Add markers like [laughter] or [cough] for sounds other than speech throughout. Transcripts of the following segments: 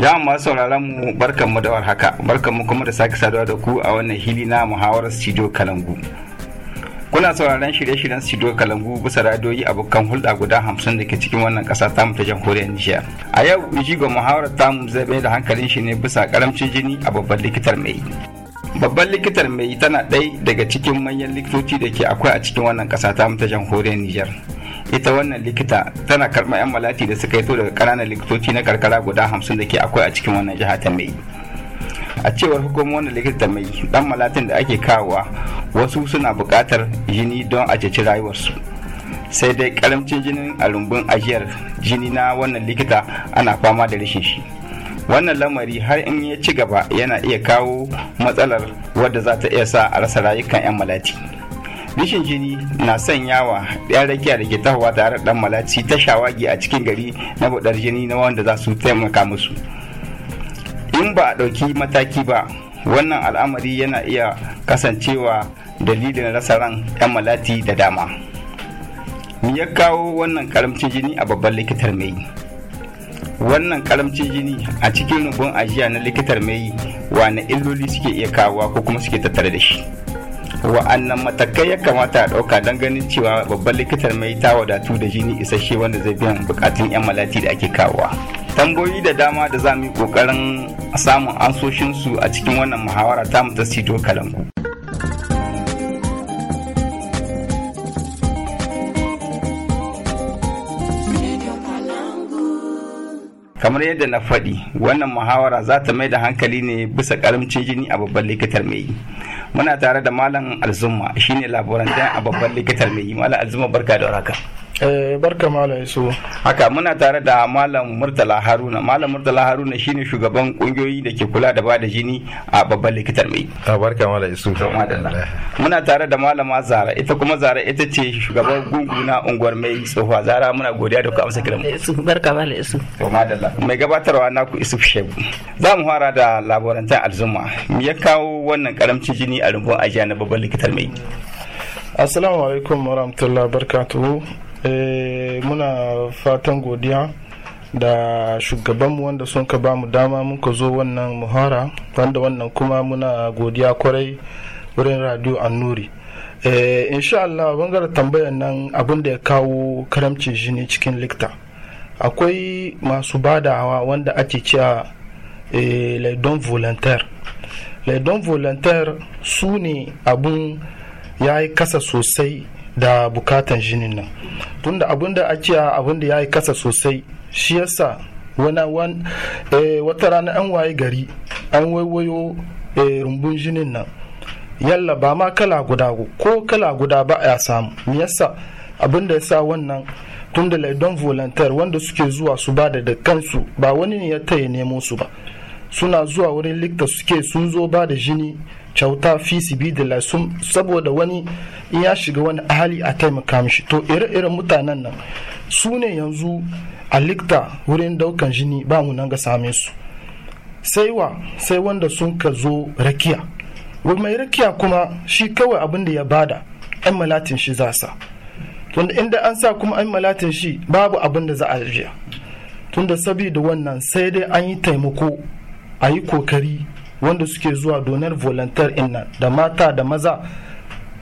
Ya masu sauraron mu barkan mu da warhaka barkan mu kuma da sake saduwa da ku a wannan hili na muhawarar studio Kalangu. Kuna sauraron shirye-shiryen studio Kalangu bisa radiyoyi abokan hulɗa guda hamsin da ke cikin wannan ƙasa mu ta jamhuriyar Nijar. A yau jigo muhawarar ta zai bai da hankalin shi ne bisa karamcin jini a babban likitar mai. Babban likitar mai tana ɗaya daga cikin manyan likitoci da ke akwai a cikin wannan ƙasa mu ta jamhuriyar Nijar. ita wannan likita tana karɓar 'yan malati da suka fito daga ƙananan likitoci na karkara guda hamsin da ke akwai a cikin wannan jiha ta mai a cewar hukumar wannan likita mai ɗan malatin da ake kawowa wasu suna buƙatar jini don a ceci rayuwarsu sai dai karamcin jinin a rumbun ajiyar jini na wannan likita ana fama da rashin shi wannan lamari har in ya ci gaba yana iya kawo matsalar wadda za ta iya sa a rasa rayukan 'yan malati rashin jini na yawa ɗaya rakiya da ke tahowa tare da malaci ta shawagi a cikin gari na buɗar jini na wanda za su taimaka musu in ba a ɗauki mataki ba wannan al'amari yana iya kasancewa dalilin rasa ran 'yan malati da dama me ya kawo wannan karamcin jini a babban likitar mai wannan karamcin jini a cikin rubun ajiya na likitar mai wa na illoli suke iya kawowa ko kuma suke tattare da shi wa'annan matakai ya kamata a ɗauka don ganin cewa babban likitan mai ta wadatu da jini isasshe wanda zai biyan bukatun 'yan malati da ake kawowa tamboyi da dama da za mu yi ƙoƙarin samun ansoshinsu a cikin wannan muhawara ta mu ta kalangu kamar yadda na faɗi wannan muhawara za ta mai da hankali ne bisa ƙaramcin jini a babban likitar mai muna tare da malam alzumma shine laborantin a babban likitar mai yi malam alzumma barka da warhaka Eh, barka mala isu haka muna tare da malam murtala haruna malam murtala haruna shine shugaban kungiyoyi da ke kula da bada jini a babban likitar mai A ah, barka mala isu eh. muna tare da malama zara ita kuma zara ita ce shugaban gungu na unguwar mai tsohuwa zara muna godiya da ku amsa kiran mu barka malam isu mai gabatarwa na ku isuf shebu za mu fara da laborantan alzuma me ya kawo wannan karamcin jini a rubun ajiya na babban likitar mai assalamu alaikum warahmatullahi wabarakatuhu Eh, muna fatan godiya da shugabanmu wanda sun ka ba mu dama ka zo wannan muhara wanda wannan kuma muna godiya kwarai wurin radio annuri eh, insha Allah bangaren tambayar nan abin da ya kawo karamcin jini cikin likta akwai masu badawa wanda ake cewa eh, laidon volontaire laidon volontaire su ne abun ya yi kasa sosai da bukatan jinin nan tunda abin da ake abin da ya yi kasa sosai shi yasa wani eh, wata rana an waye gari an waiwayo eh, rumbun jinin nan yalla ba ma kala guda ko kala guda ba a samu me yasa abin da ya yasa wannan tun da laidon volunteer wanda suke zuwa su ba da kansu ba wani ne ya taya nemo su ba suna zuwa wurin likta suke sun zo ba da jini kyauta fi da lasum saboda wani in ya shiga wani hali a taimaka mishi to ire-iren mutanen nan su ne yanzu a likta wurin daukan jini ba mu nan ga same su sai wa sai wanda sun ka zo rakiya mai rakiya kuma shi kawai abin da ya bada yan malatin shi za sa tunda inda an sa kuma yan malatin shi babu abin da za a jiya tunda sabida wannan sai dai an yi taimako a yi kokari wanda suke zuwa donar volunteer in nan da mata da maza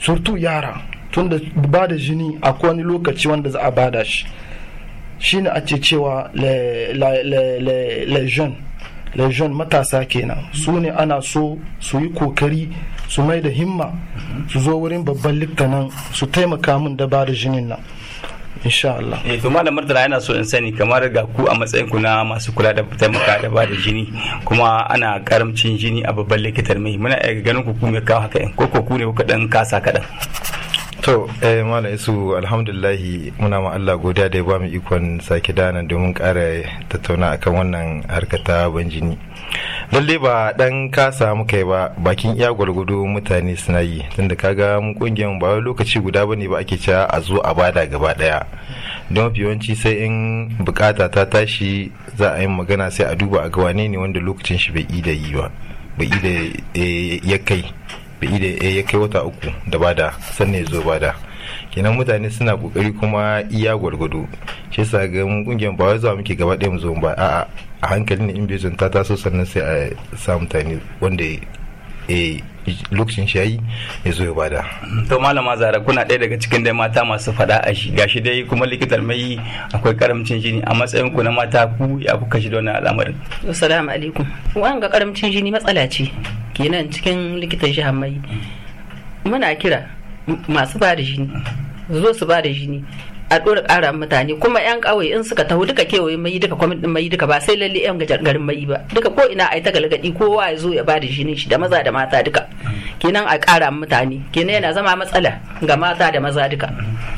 surtu yara tunda ba da jini a wani lokaci wanda za a bada shi shine a ce cewa lejon lejon matasa kenan su ne ana so su yi kokari su mai da himma su zo wurin babban liktanan su taimaka min da ba da jinin nan insha Allah eh to malam Murtala yana so in sani kamar ga ku a matsayin ku na masu kula da taimaka da ba da jini kuma ana karamcin jini a babban likitar mai muna iya ganin ku kuma kawo haka in ko ku ne kuka dan kasa kadan to eh malam isu alhamdulillah muna ma Allah godiya da ya ba mu ikon sake danan domin ƙara tattauna akan wannan harkata ban jini lalle ba dan ka samu kai ba bakin iya gwargwado mutane suna yi tunda kaga mun kungiyar ba lokaci guda bane ba ake cewa a zo a bada gaba daya don mafi yawanci sai in bukata ta tashi za a yi magana sai a duba a gawane ne wanda lokacin shi bai da yi ba bai da eh, ya kai bai yi da eh, ya kai wata uku da bada sannan ya zo bada kenan mutane suna kokari kuma iya gwargwado shi sa ga mun kungiyar ba wai zuwa muke gaba ɗaya mu zo ba a'a a hankali ne in bai ta taso sannan sai a sa mutane wanda eh lokacin shayi ya zo ya bada. To malama zara kuna ɗaya daga cikin dai mata masu faɗa a shi gashi dai kuma likitar mai akwai karamcin jini a matsayin ku na mata ku ya kuka shi da wannan al'amarin. Assalamu alaikum. Wanga karamcin jini matsala ce kenan cikin likitan shi mai muna kira masu ba da jini zo su ba da jini a ɗora ƙara mutane kuma yan ƙauye in suka taho duka kewaye mai duka kwamitin mai duka ba sai lalle yan garin mai ba duka ko ina ai ta galgadi kowa ya zo ya ba da jinin shi da maza da mata duka kenan a ƙara mutane kenan yana zama matsala ga mata da maza duka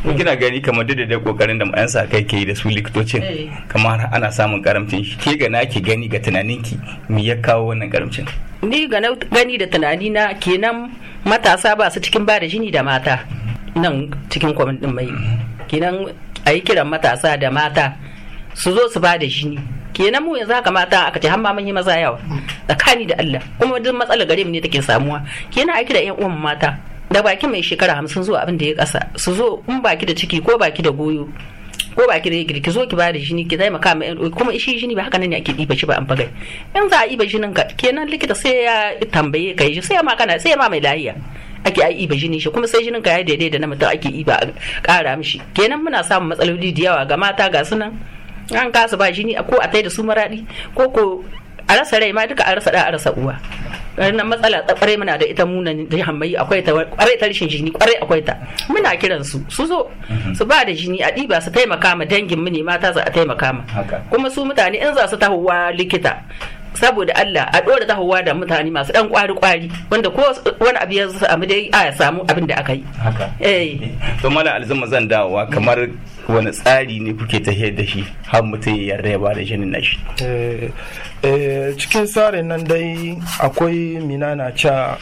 kina gani kamar duk da kokarin da yan sa kai ke yi da su likitocin eh. kamar ana samun karamcin shi ke ga na gani ga tunaninki me ya kawo wannan karamcin ni ga gani da tunanina kenan matasa ba su cikin ba da jini da mata nan cikin kwamitin din mai kenan a yi kiran matasa da mata su zo su ba da shi kenan mu yanzu haka mata aka ce har ma mun yi maza yawa tsakani da Allah kuma duk matsalar gare mu ne take samuwa kenan a kira yan uwan mata da baki mai shekara hamsin zuwa abin da ya kasa su zo in baki da ciki ko baki da goyo ko baki da yake ki zo ki bada shi ki ki maka ma kuma shi shi ne ba haka nan ne ake diba shi ba an bagai in za a iba shi nan ka kenan likita sai ya tambaye ka shi sai ma kana sai ma mai lahiya ake ai iba jini shi kuma sai jinin ka ya daidai da na mutum ake iba a kara mishi kenan muna samun matsaloli da yawa ga mata ga sunan an kasa ba jini ko a tai da su maradi ko ko a rasa rai ma duka a rasa da a rasa uwa wannan matsala tsakwarai muna da ita munan ya mai akwai ta kwarai ta rashin jini kwarai akwai ta muna kiran su su zo mhm. su ba da jini a ɗiba su taimaka ma dangin mu mata za a taimaka ma kuma su mutane in za su tahowa likita saboda Allah a dora hawa da mutane masu dan kwari kwari wanda ko wani abu ya samu dai a samu abin da aka yi eh. to mala alzama zan dawowa kamar wani tsari ne kuke tafiyar da shi har mutum ya yarda ya ba da jinin nashi eh, eh, cikin tsarin nan dai akwai minana cha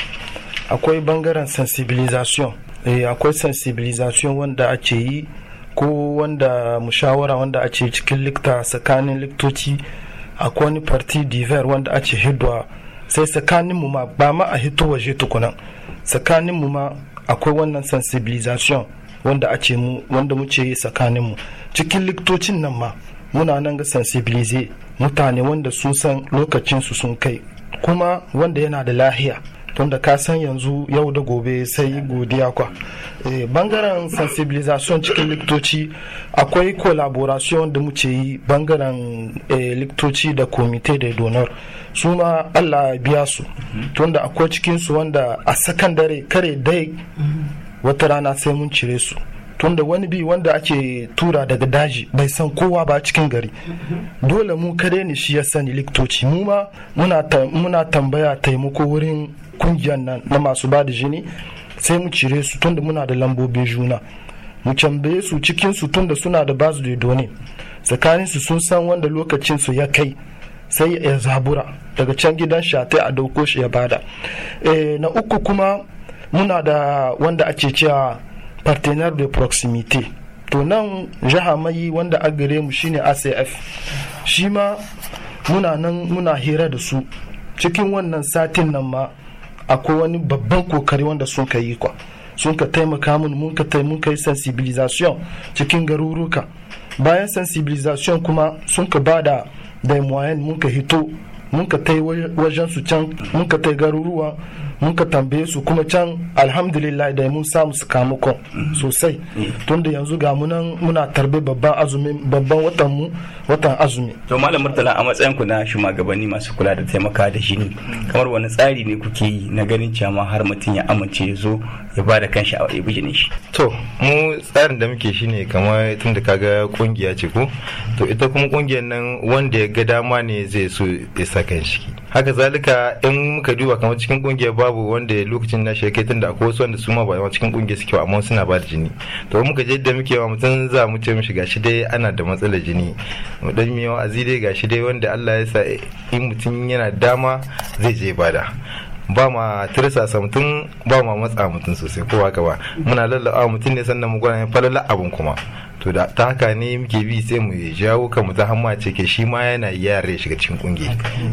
akwai bangaren sensibilization akwai sensibilization wanda ake yi ko wanda mushawara wanda ake cikin likta tsakanin liktoci akwai wani parti diver wanda ake hidwa sai tsakanin mu ma ba ma a hito waje tukunan tsakanin ma akwai wannan sensibilization wanda ake mu wanda muke yi tsakanin mu cikin likitocin nan ma muna nan ga sensibilize mutane wanda sun san lokacinsu su sun kai kuma wanda yana da lahiya tunda ka san yanzu yau da gobe sai godiya kwa eh, bangaren sensibilisation cikin liktoci akwai collaboration da muke yi bangaren eh, liktoci da komite da donor su ma allah biya su tunda akwai cikinsu wanda a sakandare kare dai wata rana sai mun cire su tunda wani bi wanda ake tura daga daji bai san kowa ba cikin gari dole mu kare ne shi ya sani liktoci mu ma muna tambaya taimako wurin kungiyar nan na masu ba da jini sai mu cire su tunda muna da lambobin juna mu canbaye su cikin su tunda suna da basu da doni tsakanin su sun san wanda lokacin su ya kai sai ya zabura daga can gidan shatai a dauko shi ya bada eh, na uku kuma muna da wanda ake cewa partenaire de proximité to nan jiha mai wanda a gare mu shine acf shi ma muna nan muna hira da su cikin wannan satin nan ma akwai wani babban kokari wanda sun ka yi kwa sun ka taimaka mun mun ka mun kai sensibilisation cikin garuruka bayan sensibilisation kuma sun ka bada da moyen mun ka hito mun ka tai wajen su can mun ka tai garuruwa mun ka tambaye su kuma can alhamdulillah da mun samu kan sosai tunda yanzu ga munan muna tarbe babban azumi babban watan mu watan azumi to malam murtala a matsayin ku na shugabanni masu kula da taimaka da ne kamar wani tsari ne kuke yi na ganin cewa har mutum ya amince ya zo ya ba da kanshi a wani jinin shi to mu tsarin da muke shine kamar tun da kaga kungiya ce ko to ita kuma kungiyar nan wanda ya ga dama ne zai so ya saka shi haka zalika in muka duba kamar cikin kungiyar ba babu wanda lokacin na shirke tun da akwai wasu wanda su ma ba cikin kungiyar suke amma suna ba da jini to muka je da muke wa mutum za mu ce mishi gashi dai ana da matsalar jini mu dan miyo azi dai gashi dai wanda Allah ya sa in mutum yana dama zai je bada ba ma sa mutum ba ma matsa mutum sosai kowa ba muna lallaba mutum ne sannan mu gwada falala abun kuma to da ta haka ne muke bi sai mu jawo kan mu ta hamma ce ke shi ma yana iya yare shiga cikin kungi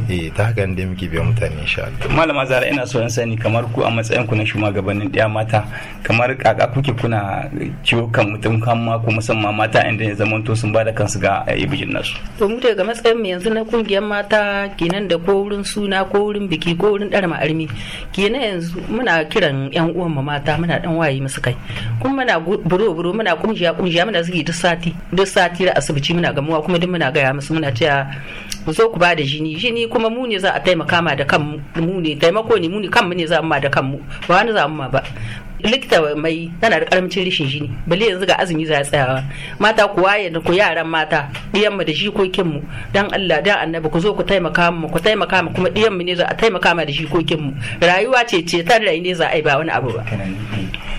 eh ta haka ne muke biya mutane insha Allah malama zara ina so in sani kamar ku a matsayin ku na shugabannin ɗaya mata kamar kaka kuke kuna ciwo kan mutum kan ma ku musamman mata inda ya to sun bada kansu ga ibijin nasu to mu daga matsayin mu yanzu na kungiyar mata kenan da ko wurin suna ko wurin biki ko wurin ɗara ma'armi kenan yanzu muna kiran yan uwan mata muna dan waye musu kai kuma muna buro buro muna kungiya kungiya muna tv duk sati duk sati da asibiti muna gamuwa kuma duk muna gaya musu muna cewa mu zo ku bada jini jini kuma mu ne za a taimaka ma da kanmu mu ne taimako ne mu ne kanmu ne za mu ma da kanmu ba wani za mu ma ba likita mai tana da karamcin rishin jini bale yanzu ga azumi za tsayawa mata ku waye ku yaran mata diyanmu da jikokinmu dan Allah dan annabi ku zo ku taimaka mu ku taimaka mu kuma diyanmu ne za a taimaka ma da jikokinmu rayuwa ce ce tan ne za a yi ba wani abu ba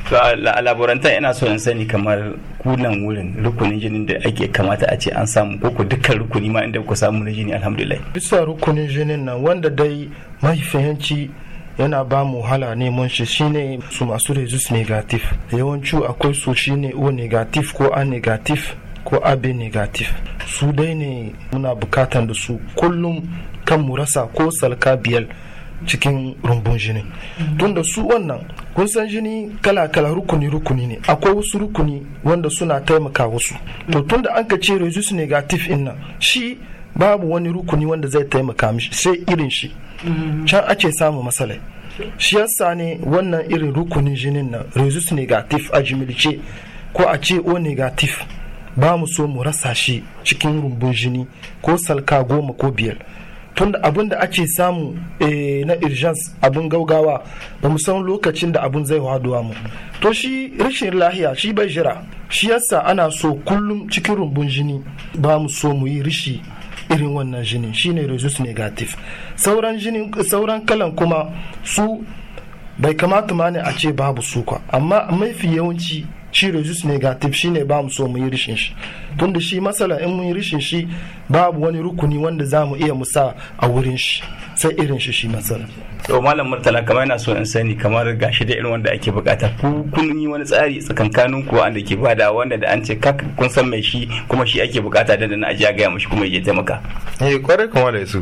to a laborantan ina so in sani kamar kunan wurin rukunin jinin da ake kamata a ce an samu ko dukkan rukuni ma inda ku samu na jini alhamdulillah bisa rukunin jinin nan wanda dai mahaifiyanci yana ba mu wahala neman shi shine su masu resus negative yawanci akwai su shine o negative ko a negative ko abe negative su dai ne muna bukatan da su kullum kan mu rasa ko salka biyar cikin rumbun jini tunda su wannan kun san jini kala-kala rukuni-rukuni ne akwai wasu rukuni wanda suna taimaka wasu to tunda an ka ce resus negatif in shi babu wani rukuni wanda zai taimaka mishi sai irin shi can ake samu matsalai shi yasa ne wannan irin rukunin jinin nan resus negatif a jimilce ko a ce o negative ba mu so mu rasa shi cikin rumbun jini ko salka goma ko biyar tunda abin da ake samu eh, na irjans abin gaugawa ba mu san lokacin da abin zai haduwa mu to shi rashin lahiya shi bai jira shi yasa ana so kullum cikin rumbun jini ba mu so mu yi rishi irin wannan jinin shine resus negative sauran sauran kalan kuma su bai kamata ma ne a ce babu su kwa amma mafi yawanci shi negatif negative ne ba mu so mu yi rishin shi tunda shi masala in mun yi rishin shi babu wani rukuni wanda za mu iya musa a wurin shi sai irin shi shi masala. to malam murtala kamar yana so in sani kamar gashi da irin wanda ake bukata ku kun yi wani tsari tsakankanin ku wanda ke bada wanda da an ce kak kun san mai shi kuma shi ake bukata dan da na ajiya gaya mishi kuma ya taimaka eh kware kuma da su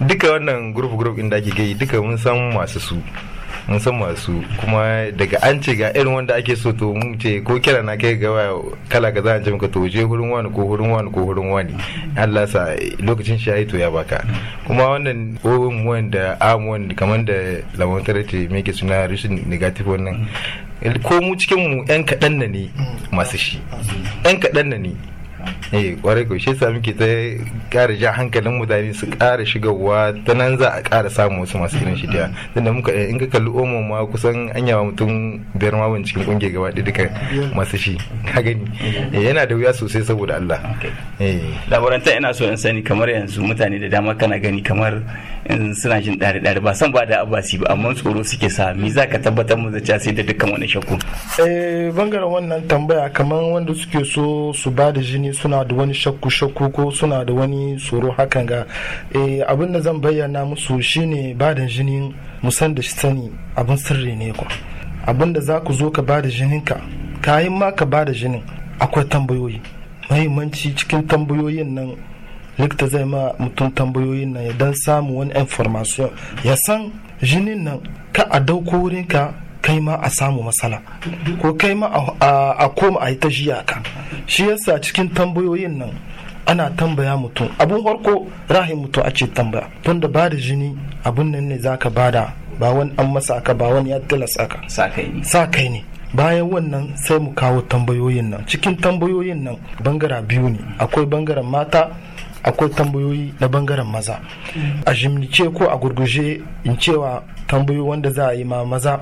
duka wannan group group inda ake gai duka mun san masu su mun san masu kuma daga an ce ga irin wanda ake so to mun ce ko kira na kai ga kala kaza an ce maka to je hurin wani ko hurin wani ko hurin wani Allah sa lokacin shi to ya baka kuma wannan obin wanda amon kamar da lamantar ce me ke suna rishin negative wannan ko mu cikin mu yan kaɗan na ne masu shi yan kaɗan na ne Eh, kwarai ko shi sami muke ta kara ja hankalin mutane su shiga shigarwa ta nan za a kare samu wasu masu irin shi tunda muka eh, in ka kalli omo ma kusan an yawa mutum biyar ma ban cikin kungiyar gaba ɗaya duka masu shi ka gani eh, yana da wuya sosai saboda Allah eh yana ina so in sani kamar yanzu mutane da dama kana gani kamar suna jin ɗari ɗari ba san ba da abasi ba amma tsoro suke sa me za ka tabbatar mu da sai da dukkan wani shakku. Eh, bangaren wannan tambaya kamar wanda suke so su ba da jini suna da wani shakku shakku ko suna da wani tsoro hakan ga eh, abin da zan bayyana musu shine ba da jini mu san da sani abin sirri ne kuwa abin da za ku zo ka ba da jininka kayan ma ka ba da jinin akwai tambayoyi mahimmanci cikin tambayoyin nan likita zai ma mutum tambayoyin nan ya dan samu wani information ya san jinin nan ka a dauko wurinka kai ma a samu matsala ko kai ma a koma a yi ta jiya ka shi yasa cikin tambayoyin nan ana tambaya mutum abun farko rahim mutum a ce tambaya tun ba da jini abun nan ne zaka bada ba wani an masa ka ba wani ya tilasta ka sa kai ne bayan wannan sai mu kawo tambayoyin nan cikin tambayoyin nan bangara biyu ne akwai bangaren mata akwai tambayoyi na bangaren maza a jimnice ko a gurguje in cewa tambayo wanda za a yi ma maza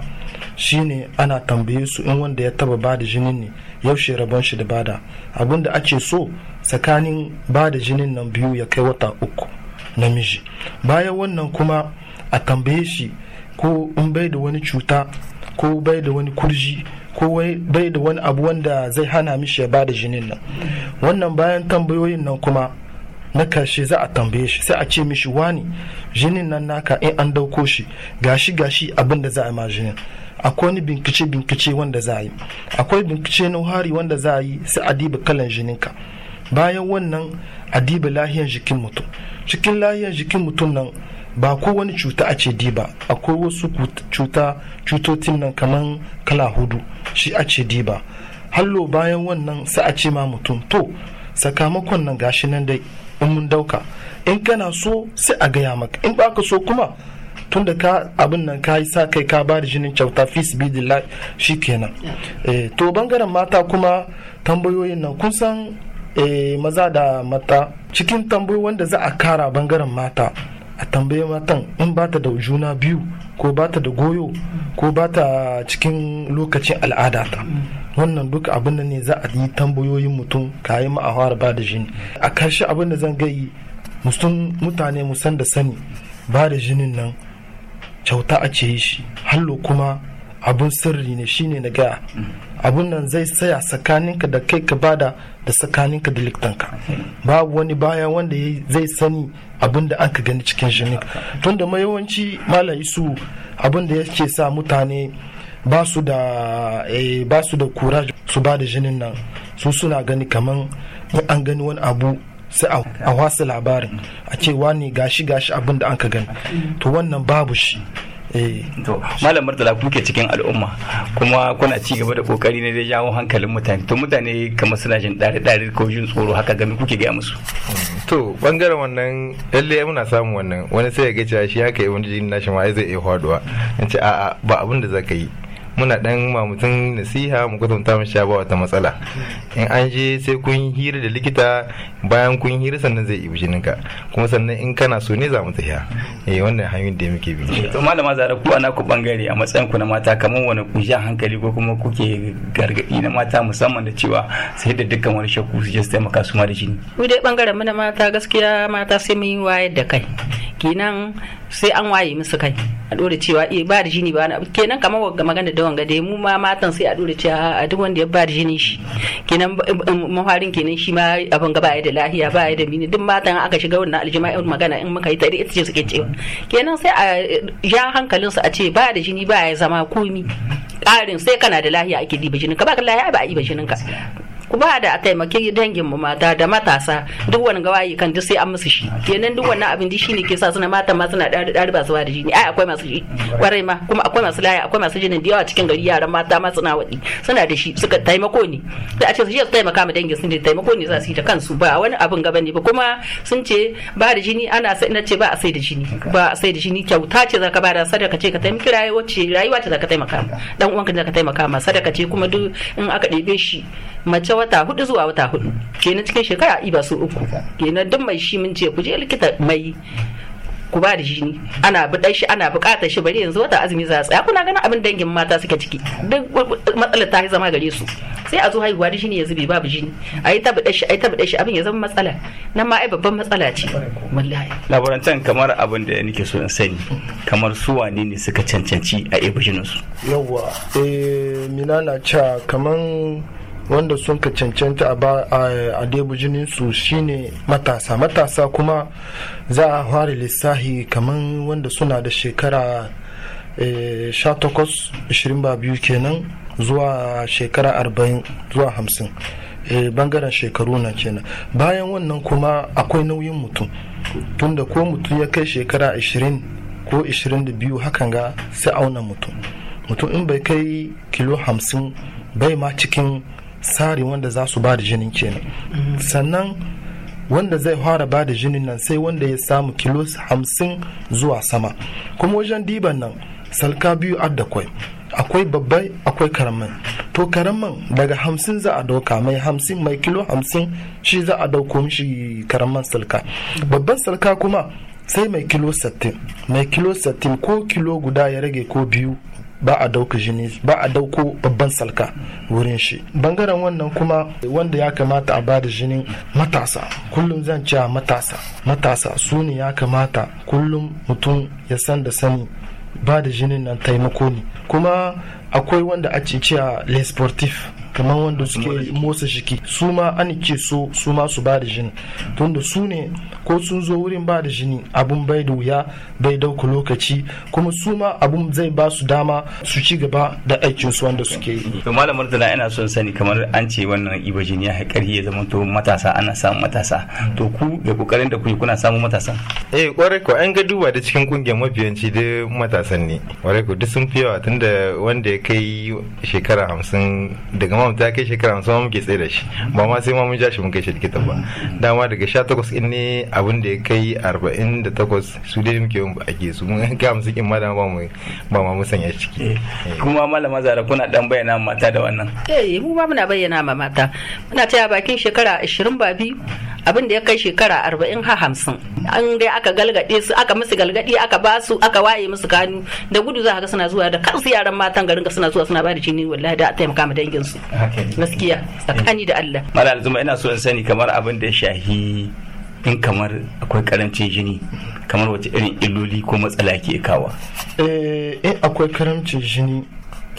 shine ana tambaye su in wanda ya taba bada jinin ne yaushe rabon shi da bada abinda ake so tsakanin bada jinin nan biyu ya kai wata uku namiji bayan wannan kuma a tambaye shi ko in bai da wani cuta ko bai da wani kurji ko bai da wani abu wanda zai hana mishi ya bada jinin nan wannan bayan tambayoyin nan kuma na karshe za a tambaye shi sai a ce mishi wani jinin nan naka in an dauko shi gashi gashi abin da za a ma jinin akwai wani binkice binkice wanda za a yi akwai binkice na hari wanda za a yi sai a diba kalan jininka bayan wannan a diba lahiyar jikin mutum cikin lahiyar jikin mutum nan ba ko wani cuta a ce diba akwai wasu cuta cutotin nan kamar kala hudu shi a ce diba hallo bayan wannan sai a ce ma mutum to sakamakon nan gashi nan dai in mun dauka in kana so sai a gaya maka in ba ka so kuma tunda ka abin nan ka yi sa kai ka ba da jinin kyauta fi shi kenan eh, to bangaren mata kuma tambayoyin nan kun san eh, maza da mata cikin tambayoyi wanda za a kara bangaren mata a tambaye matan in ba ta da juna biyu ko ba ta da goyo ko ba ta cikin lokacin al'adata ta mm. wannan duk abin ne za a yi tambayoyin mutum kayan ma ma'awar ba da jini a karshe abin da zan gayi mutane musan da sani ba da jinin nan kyauta a ce shi hallo kuma abun sirri ne shine na gaya abun nan zai saya tsakaninka da kai ka bada da tsakaninka da liktanka babu wani baya wanda zai sani abinda da aka gani cikin jinin tunda mayawanci malayi su abin da yake sa mutane ba su da kura eh, su ba da jinin nan su suna gani kaman an gani wani abu sai a wasu labarin a ce wani gashi gashi abin da an ka gani to wannan babu shi eh. malam murtala kuke cikin al'umma kuma kuna ci gaba da kokari ne zai jawo hankalin mutane to mutane kamar suna jin dare dare ko jin tsoro haka gami kuke gaya musu to bangaren wannan lalle muna samun wannan wani sai ya ga shi haka yi wani jini nashi ma zai iya faduwa in ce a'a ba abin da zaka yi muna dan ma mutum nasiha mu kwatanta mashi ba wata matsala in an je sai kun hira da likita bayan kun hira sannan zai ibi jininka kuma sannan in kana so ne za mu tafiya eh wannan hanyoyin da muke bi to malama zara ku ana ku bangare a matsayin ku na mata kamar wani ku ja hankali ko kuma kuke gargadi na mata musamman da cewa sai da dukkan wani shakku su je su taimaka su ma da jini ku dai bangaren mu na mata gaskiya mata sai mun yi wayar da kai kenan sai an waye musu kai a dole cewa eh, ba da jini ba kenan kamar magana da wanga ga mu ma matan sai a dole ce a duk wanda ya ba da jinin shi kenan mafarin um, kenan shi ma abin ga baya da lahiya baya da mini duk matan aka shiga wannan aljima'in magana in muka yi tare ita ce suke cewa kenan sai a ya eh, hankalin su a ce ba da jini baya ya zama komi karin sai kana da lahiya ake diba jinin ka ba ka lahiya ba a yi ba jinin ka ku ba da a taimaki dangin mu mata da matasa duk wani gawayi kan duk sai an musu shi kenan duk wannan abin shi ne ke sa suna mata ma suna dari dari ba su da jini ai akwai masu kwarai ma kuma akwai masu laya akwai masu jinin da yawa cikin gari yaran mata ma suna wadi suna da shi suka taimako ne da a ce su je su taimaka ma dangin sun ne taimako ne za su yi da kansu ba wani abin gaba ne ba kuma sun ce ba da jini ana sai na ce ba a sai da jini ba a sai da jini kyauta ce zaka ba da sadaka ce ka taimaki rayuwa ce rayuwa ce zaka taimaka dan uwanka zaka taimaka ma sadaka ce kuma duk in aka ɗebe shi mace wata hudu zuwa wata hudu kenan cikin shekara iba su uku kenan duk mai shi mun ce ku je likita mai ku ba da jini ana buɗa shi ana buƙatar shi bari yanzu wata azumi za a tsaya kuna ganin abin dangin mata suke ciki duk matsalar ta yi zama gare su sai a zo haihuwa da shine ya zube babu jini a yi taɓa buɗa shi a yi taɓa buɗa shi abin ya zama matsala nan ma ai babban matsala ce wallahi laborantan kamar abin da nake so in sani kamar su wane ne suka cancanci a ibujinin su yawwa eh mina na cha kaman wanda sun ka cancanta a jinin su shine matasa matasa kuma za a fara lissahi kamar wanda suna da shekara 18-22 eh, kenan zuwa shekara 40 zuwa 50 eh, bangaren shekaru na kenan bayan wannan kuma akwai nauyin mutum tunda ko mutum ya kai shekara 20 ko 22 hakan ga sai auna mutum mutum in bai kai kilo 50 bai ma cikin sari wanda za su ba da jinin kenan sannan wanda zai fara ba da jinin nan sai wanda ya samu kilo hamsin zuwa sama kuma wajen diban nan salka biyu adda kwai akwai babbai akwai karamin to karamin daga hamsin za a dauka mai hamsin mai kilo hamsin shi za a dauko mishi karamin salka babban salka kuma sai mai kilo 60 mai kilo 60 ko kilo guda ya rage ko biyu ba a dauka jini ba a dauko babban salka wurin shi bangaren wannan kuma wanda ya kamata a ba da jinin matasa kullum zan ce matasa matasa su ne ya kamata kullum mutum ya san da sani ba da jinin nan taimako ne kuma akwai wanda a ce le sportif kamar wanda suke motsa jiki su ma an ce so su ma su ba da jini tunda su ne ko sun zo wurin ba da jini abun bai da wuya bai dauka lokaci kuma su ma abun zai ba su dama su ci gaba da aikin su wanda suke yi to malam murtala ina son sani kamar an ce wannan iba jini ya karhi ya zama to matasa ana samun matasa to ku da kokarin da kuke kuna samun matasa eh kware ko an ga duba da cikin kungiyar mafiyanci da matasan ne kware ko duk sun fi yawa tunda wanda ya kai shekara hamsin daga imam ta kai shekara hamsin muke tsaye da shi ba ma sai ma mun ja shi mun kai shi likita ba dama daga sha takwas in ne abin da ya kai arba'in da takwas su dai muke yin a ke su mun kai hamsin in ma dama ba mu ba ma mun sanya ciki. Eh, kuma malama zara kuna dan bayyana mata da wannan. eh mu ba muna bayyana ma mata muna taya bakin shekara ashirin ba biyu abin da ya kai shekara arba'in ha hamsin an dai aka galgade su aka musu galgadi aka ba su aka waye musu kanu da gudu za ka ga suna zuwa da kansu yaran matan garin ka suna zuwa suna ba da jini wallahi da a taimaka ma dangin su gaskiya tsakani da Allah malal ina so in sani kamar abin da ya shahi in kamar akwai karamcin jini kamar wace irin illoli ko matsala ke kawa eh, eh akwai karamcin jini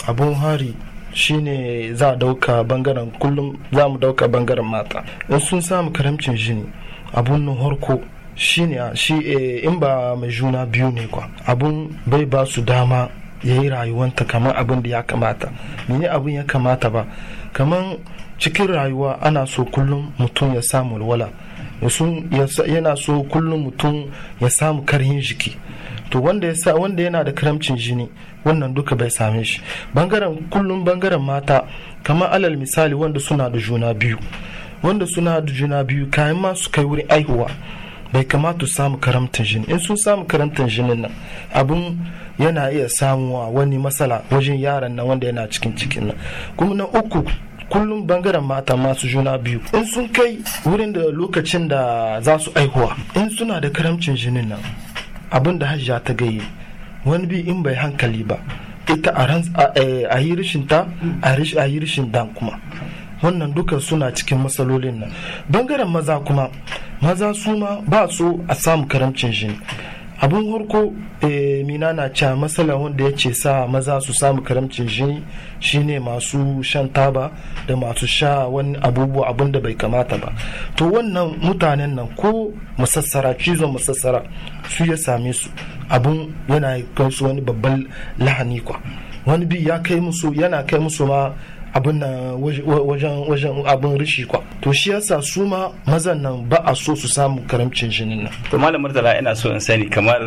abun hari shine za a dauka bangaren kullum za mu dauka bangaren mata in sun samu karamcin jini abun nan harko shine shi eh, in ba mai juna biyu ne kwa abun bai ba su dama ya yi rayuwanta kamar abin da ya kamata mene abin ya kamata ba kamar cikin rayuwa ana so kullum mutum ya samu walwala yana so kullum mutum ya samu karhin jiki to wanda ya wanda yana da karamcin jini wannan duka bai same shi bangaren kullum bangaren mata kamar alal misali wanda suna da juna biyu wanda suna da juna biyu kayan masu kai wurin aihuwa bai kamata su samu karamtan jini in sun samu karamtan jinin nan abin yana iya samuwa wani matsala wajen yaran na wanda yana cikin cikin nan kuma na uku kullum bangaren mata masu juna biyu in sun kai wurin da lokacin da za su aihuwa in suna da karamcin jinin nan abin da hajja ta gaye wani bi in bai hankali ba ita a eh, yi rishin ta a yi rishin dan kuma wannan duka suna cikin matsalolin nan bangaren maza kuma maza su ma ba su a samu karamcin jini abin harko eh, mina na ca matsala wanda ya ce sa maza su samu karamcin jini shine masu shan taba da masu sha wani abubuwa abin da bai kamata ba to wannan mutanen nan ko musassara cizon musassara su ya same su abin yana su wani babban lahani kwa wani bi ya kai musu yana kai musu ma abin nan wajen abin rishi kwa to shi yasa su ma mazan nan ba a so su samu karamcin jinin nan to malam murtala ina so in sani kamar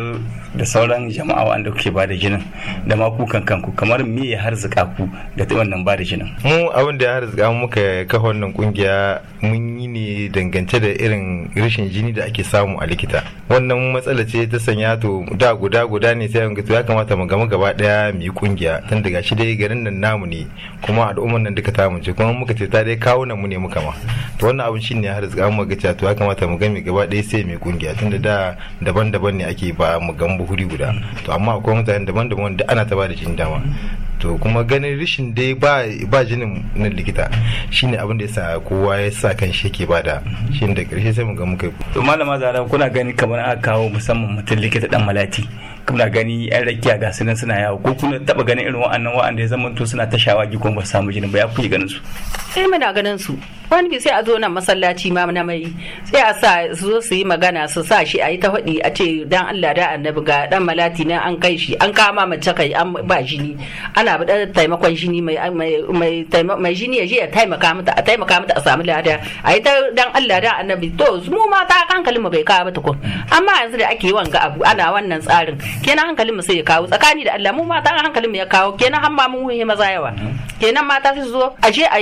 da sauran jama'a wanda kuke ba da jinin da ma ku kanku kamar me ya harzika ku da nan ba da jinin mu abin da ya harzika mu muka kafa wannan kungiya mun yi ne dangance da irin rashin jini da ake samu a likita wannan matsala ce ta sanya to da guda guda ne sai to ya kamata mu gama gaba daya mu yi kungiya tun daga shi dai garin nan namu ne kuma al'umma wannan duka ta mu kuma muka ce ta dai kawo mu ne muka ma to wannan abin shine har zuwa mu ga cewa to ya kamata mu gami gaba ɗaya sai mai kungiya tunda da daban-daban ne ake ba mu gan buhuri guda to amma akwai mutane daban-daban wanda ana ta ba da jin dama to kuma ganin rishin dai ba jinin na likita shine abin da yasa kowa ya sa kan shi yake bada shine da karshe sai mu ga muka to malama zara kuna gani kamar aka kawo musamman mutum likita dan malati kuna gani yan rakiya ga sunan suna yawo ko kuna taba ganin irin wa'annan wa'anda ya zama to suna ta shawagi ko ba samu jinin ba ya fi ganin su eh muna ganin su wani sai a zo nan masallaci ma na mai sai a sa su zo su yi magana su sa shi a yi ta faɗi a ce dan Allah da annabi ga dan malati ne an kai shi an kama mace kai an ba jini ana bi taimakon jini mai mai mai jini ya je ya taimaka mata a taimaka mata a samu lada a yi ta dan Allah da annabi to mu mata hankalin mu bai kawo ba tukun amma yanzu da ake wanga abu ana wannan tsarin kenan hankalin mu sai ya kawo tsakani da Allah mu mata hankalin mu ya kawo kenan har ma mun huye maza yawa mm-hmm. kenan mata su zo a je a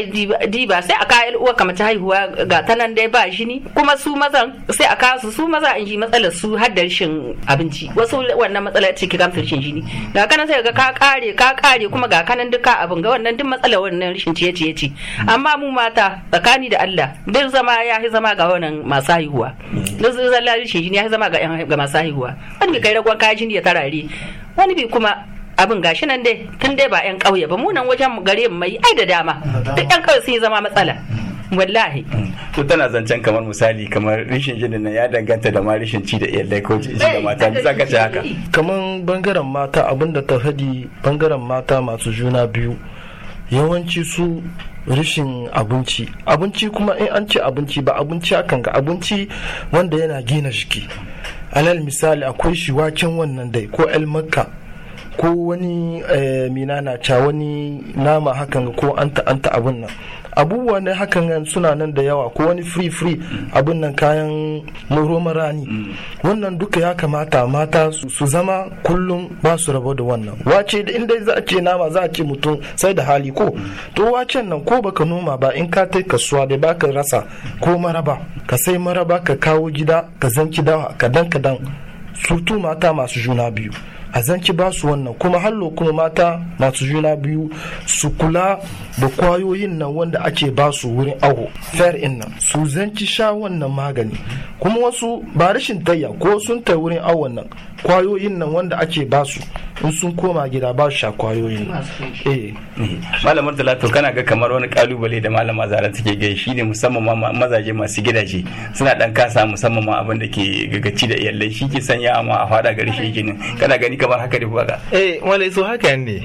diba sai a kawo uwa kamar ta haihuwa ga ta nan dai ba shi ni kuma su mazan sai a kawo su su maza in ji matsalar su har da rashin abinci wasu wannan matsalar ce ki gamsu rashin jini ga kanan sai ga ka kare ka kare kuma ga kanan duka abin ga wannan duk matsalar wannan rashin ciye ciye ce mm-hmm. amma mu mata tsakani da Allah duk zama ya yi zama ga wannan masu haihuwa mm-hmm. duk zalla rashin jini ya yi zama ga masu haihuwa wanda kai ragon kajin ya karare wani bi kuma abin gashi nan dai tun dai ba 'yan ƙauye ba munan wajen gare mai ai da dama duk 'yan ƙauye sun yi zama matsala mm. wallahi mm. to tana zancen kamar misali kamar rishin jinin nan ya danganta da ma rishin ci da iyalai ko ci da eh, mata ni zaka ce haka eh, eh. kamar bangaren mata abinda ta hadi bangaren mata masu juna biyu yawanci su rishin abinci abinci kuma in an ce abinci ba abinci akan ga abinci wanda yana gina jiki alal misali akwai shi wannan dai ko el makka ko wani eh, mina na ca wani nama hakan ko an ta'anta abin nan abubuwa ne hakan nan suna nan da yawa ko wani free free abin nan kayan roman rani wannan duka ya kamata mata su zama kullum ba su rabo da wannan wace da inda za a ce nama za a ce mutum sai da hali ko to wacen nan ko baka noma ba in ka ta kasuwa da baka rasa ko maraba ka sai maraba ka kawo gida ka zanki dawa ka dan ka dan surtu mata masu juna biyu a zanki ba su wannan kuma hallo kuma mata masu juna biyu su kula da kwayoyin nan wanda ake ba su wurin aho fair in nan su zanki sha wannan magani kuma wasu ba rashin tayya ko sun ta wurin awon nan kwayoyin nan wanda ake ba su in sun koma gida ba sha kwayoyi eh, eh. malamar talato kana ga kamar wani kalubale da malama zara take gai shine musamman ma mazaje masu gidaje suna dan kasa musamman ma abin da ke gagaci da iyalai shi ke sanya amma a fada gari shi ginin kana gani kamar haka da baka eh wala so haka ne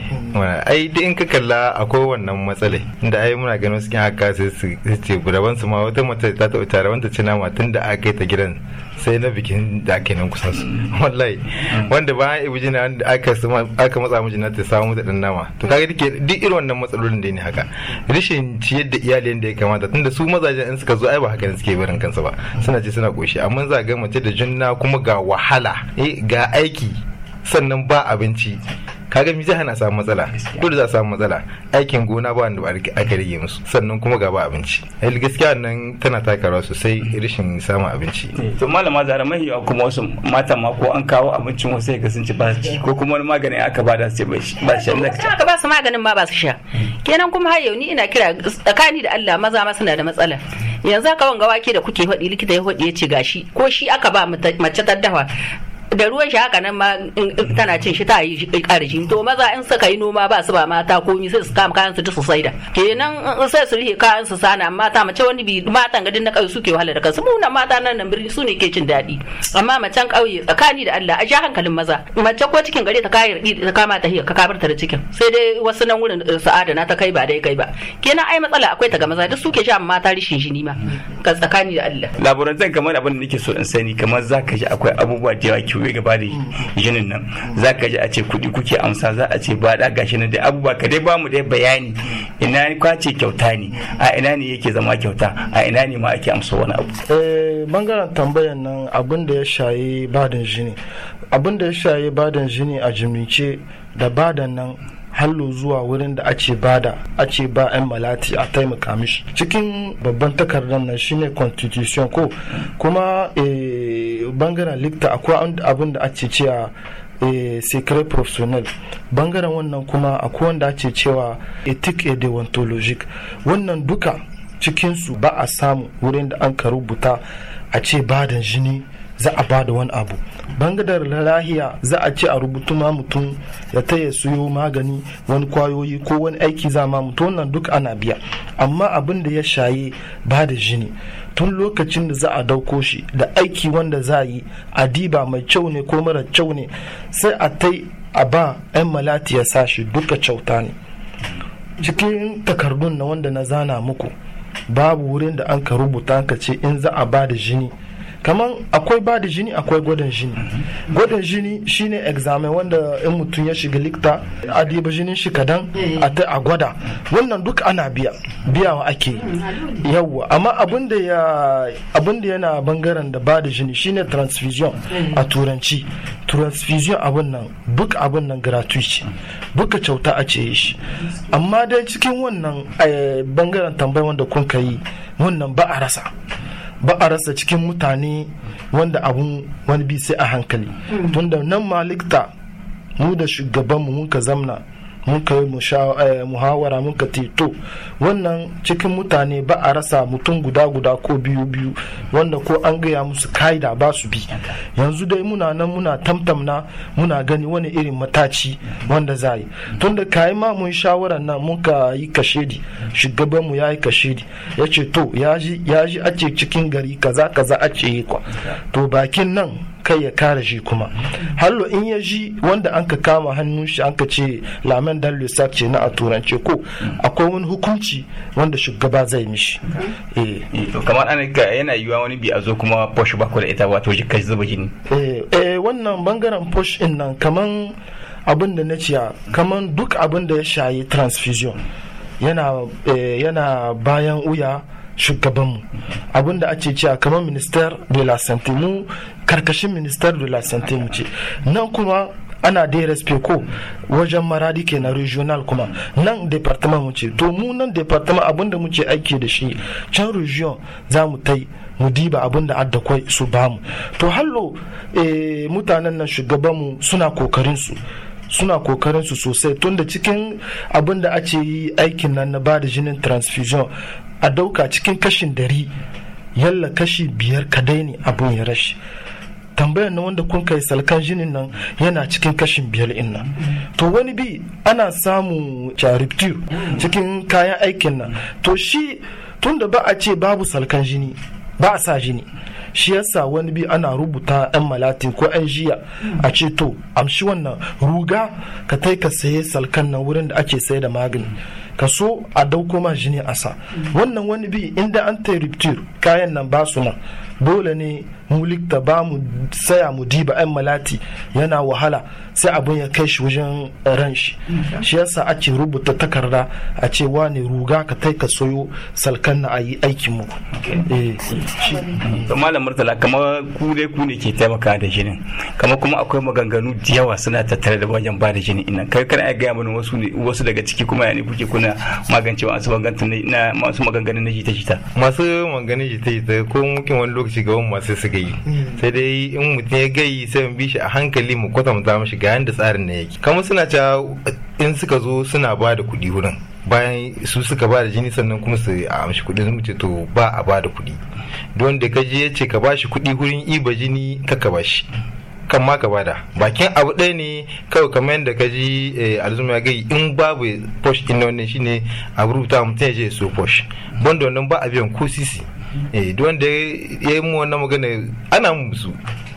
ai duk in ka kalla akwai wannan matsala inda ai muna ganin su haka sai su ce gudaban su ma wata mata ta ta tare wanda ce nama tun da aka ta gidan sai na bikin da ake nan kusan su [laughs] wallahi mm. wanda ba ibujina wanda aka su aka matsa miji na ta samu da dan nama to kaga duk duk irin wannan matsalolin da ne haka rishin ciyar da iyalin da ya kamata tunda su mazajen in suka zo ai ba haka ne suke barin kansu ba suna ce suna koshi amma za ga mace da junna kuma ga wahala eh ga aiki sannan ba abinci kaga mi zai hana samu matsala dole za a samu matsala aikin gona ba wanda aka rage musu sannan kuma ga ba abinci ai gaskiya nan tana taka rawa sosai rashin samun abinci to malama zara mahi kuma wasu mata ma ko an kawo abincin wasu ga sun ci ba ci ko kuma wani magani aka da sai ba shi ba shi ka ba su maganin ma ba su sha kenan kuma har yau ni ina kira tsakani da Allah maza ma suna da matsala yanzu haka wanga wake da kuke faɗi likita ya faɗi ya ce gashi ko shi aka ba mace ta dawa da ruwan shi haka nan ma tana cin shi ta yi karshe to maza in suka yi noma ba su ba mata komi sai su kama kayan su su saida kenan sai su rike kayan su sana mata mace wani bi matan gadin na ƙauye suke wahala da kansu mu na mata nan nan birni su ne ke cin daɗi amma macen kauye tsakani da Allah a ja hankalin maza mace ko cikin gare ta kayar ta kama ta hiya ka kabar ta da cikin sai dai wasu nan wurin eh, sa'ada na ta kai ba dai kai ba kenan ai matsala akwai ta ga maza duk suke sha mata rishin shi ma ka tsakani da Allah labaran zan kamar abin da nake so in sani kamar zaka ji akwai abubuwa da yawa dubi gaba da jinin nan za ka ji a ce kuɗi kuke amsa za a ce ba da gashi na da abubuwa ka dai ba mu dai bayani ina ni kwace kyauta ne a ina ne yake zama kyauta a ina ne ma ake amsa wani abu. Eh, bangaren tambayan nan abin da ya shayi badan jini abin da ya shayi badan jini a jimince da badan nan hallo zuwa wurin da ake bada ace ba 'yan malati a taimaka mishi cikin babban takardar nan shine constitution ko kuma eh, bangaren likta akwai abin da ake cewa eh, secret professional bangaren wannan kuma akwai wanda ake cewa ethic e deontologic wannan duka cikinsu ba a samu wurin da an ka rubuta a ce badan jini za a bada wani abu bangadar lahiya za a ce a rubutu ma mutum ya taya suyo magani wani kwayoyi ko wani aiki za ma mutum wannan duk ana biya amma abin da ya shaye ba da jini tun lokacin da za a dauko shi da aiki wanda za a yi a diba mai kyau ne ko mara kyau ne sai a tai a ba 'yan malati ya sa shi duka kyauta ne cikin takardun na wanda na zana muku babu wurin da an ka rubuta ka ce in za a ba da jini kaman akwai ba da jini akwai gwadon jini gwadon jini shine examen wanda in mutum ya shiga likta a diba jinin shi kadan a gwada wannan duk ana biya biyawa ake yawwa amma abin da yana bangaren da ba da jini shine transfusion a turanci transfusion abin nan duk abin nan gratuit duka kyauta a ce shi amma dai cikin wannan eh, bangaren tambayi wanda kun yi wannan ba a rasa ba a rasa cikin mutane wanda abun wani bi sai a hankali hmm. tunda nan malikta mu da shugabanmu muka zamna muka yi eh, muhawara muka to wannan cikin mutane ba a rasa mutum guda guda ko biyu biyu wanda ko an gaya musu ka'ida ba su bi yanzu dai muna nan muna tamtamna muna gani wani irin mataci wanda za yi tun da kayi ma mun shawarar nan muka yi kashedi shugaban mu ya yi kashedi ya ce to ya ji ake cikin gari kaza kaza ake yi kwa to bakin nan kai ya kare shi kuma hallo in ya ji wanda an ka kama hannun shi an ka ce lamen dan lissafi ce na a turance ko akwai wani hukunci wanda shugaba zai mishi eh. Eh, kamar an ga yana yiwa wani bi a zo kuma posh ba da ita wato kai zuba jini eh, eh wannan bangaren posh din nan kaman abin da na ciya kaman duk abin da ya shayi transfusion yana yana bayan uya shugabanmu abinda ake cewa kamar minister de la santé mu karkashin minister de la santé mu ce nan kuma ana da respect ko wajen maradi ke na regional kuma nan departement mu ce to mu nan departement abinda mu ce aiki da shi can region za mu ta mu diba abinda adda kwai su bamu to hallo eh, mutanen nan shugaban mu suna kokarin su suna kokarin su sosai tunda cikin abin da ake yi aikin nan na ba da jinin transfusion a dauka cikin kashin dari yalla kashi biyar kadai ne abin ya rashi tambayar na wanda kun kai salkan jinin nan yana cikin kashin biyar in nan to wani bi ana samu chariptu cikin kayan aikin nan to shi tunda da ba a ce babu salkan jini ba a sa jini shi yasa wani bi ana rubuta yan malati ko yan jiya a ce to amshi wannan ruga ka tai ka saye salkan nan wurin da ake sayar da magani ka so a dauko ma jini a sa wannan wani bi inda an tai kayan nan ba su nan dole ne mulikta ba mu saya mu diba yan malati yana wahala sai abin ya kai shi wajen ran shi mm-hmm. shi yasa ake rubuta takarda a ce ne ruga ka kai ka soyo salkan na ayi aikin mu eh. malam murtala kama ku dai ku ne ke taimaka da jinin kama kuma akwai maganganu da yawa suna tattare da wajen ba da jinin ina kai kana ai gaya mana wasu wasu daga ciki kuma ya ne kuke kuna magance masu maganganu na masu maganganun na jita jita masu maganganu jita jita ko mukin wani lokaci ga wani masu suke yi sai dai in mutum ya gayi sai mu bi shi a hankali mu kwatanta mishi ga yanda tsarin na yake kamar suna cewa in suka zo suna ba da kuɗi wurin bayan su suka ba da jini sannan kuma su amshi kuɗi sun ce to ba a ba da kuɗi don da ka ya ce ka ba shi kuɗi wurin iba jini ka ba shi kan ma ka bada bakin abu ɗaya ne kawai kamar yadda ka ji eh, alzuma gai in babu posh ɗin wannan shine a rubuta mutum ya je so posh banda wannan ba a biyan ko sisi eh duk wanda ya yi mu wannan magana ana musu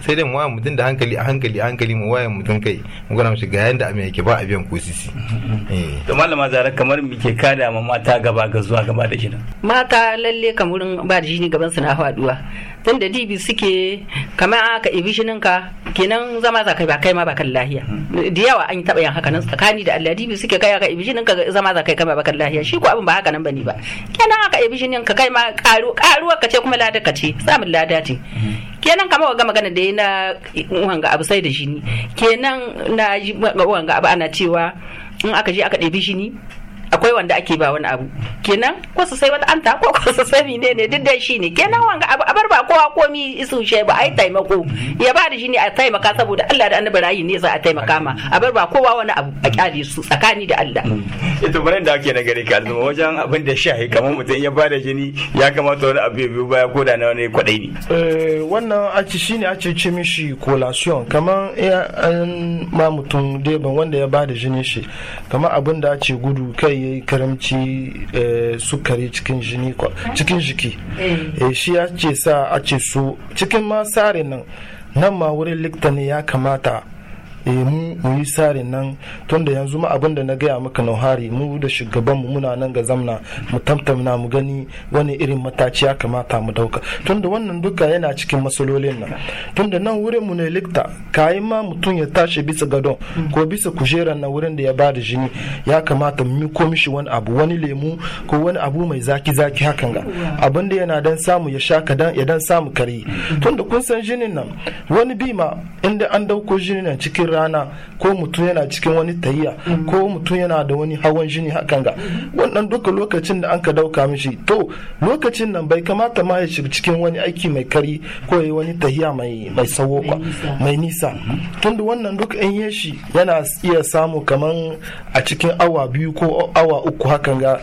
sai dai mu waya mutum da hankali a hankali a hankali mu waya mutum kai mu gana mishi ga yanda abin yake ba a biyan ko sisi eh. to malama zara kamar mu ke kada ma mata gaba ga zuwa gaba da shi mata lalle kamurin ba da shi gaban su na faduwa tun da dibi suke kamar aka ibi shinin ka kenan zama za kai ba kai ma ba kan lahiya da yawa an taba yin haka nan tsakani da Allah dibi suke kai aka ibi shinin ka zama za kai ma ba kan lahiya shi ko abin ba haka nan bane ba kenan aka ibi shinin ka kai ma karuwa ka ce kuma lada ce samun lada ce mm-hmm. kenan kamar ga magana da na wanga abu sai da jini kenan na wanga abu ana cewa in aka je aka ɗebi jini akwai wanda ake ba wani abu kenan ko su sai wata anta ko [laughs] su sai ne ne duk dai shine kenan wanga abu abar ba kowa komi isu she ba ai taimako ya ba da shine a taimaka saboda Allah da annabi rayi ne za a taimaka ma abar ba kowa wani abu a kyale su tsakani da Allah ita eh, bare da ake na gare ka alzuma wajen abin da shahi kamar mutum ya ba shi jini ya kamata wani abu ya baya ko da na wani kwadai ne eh, wannan a ci shine a ce ce mishi collation kamar ya eh, ma mutum deban wanda ya bada jini shi kamar abin da a ce gudu kai karamci eh, su karamci cikin jini cikin jiki eh. Eh, shi ya ce sa a ce su cikin ma sare nan nan ma wurin likta ne ya kamata Eh, mu mu yi sare nan tunda yanzu ma abinda na gaya maka nauhari mu da shugaban mu muna nan ga zamna mu tamtamna mu gani wani irin mataci ya kamata mu dauka tunda wannan duka yana cikin masalolin nan tunda nan wurin mu ne likta kayan ma mutum ya tashi bisa gadon ko bisa kujeran na wurin da ya bada jini ya kamata mu yi komishi wani abu wani lemu ko wani abu mai zaki zaki hakan ga abin da yana dan samu ya sha kadan ya dan samu kari tunda kun san jinin nan wani bima inda an dauko jinin nan cikin rana ko mutum yana cikin wani tahiya ko mutum yana da wani hawan jini hakan ga wannan duka lokacin da an ka dauka mishi to lokacin nan bai kamata ma ya shiga cikin wani aiki mai kari ko ya wani tahiya mai mai sawo ba mai nisa tunda wannan duk in ya shi yana iya samu kaman a cikin awa biyu ko awa uku hakan ga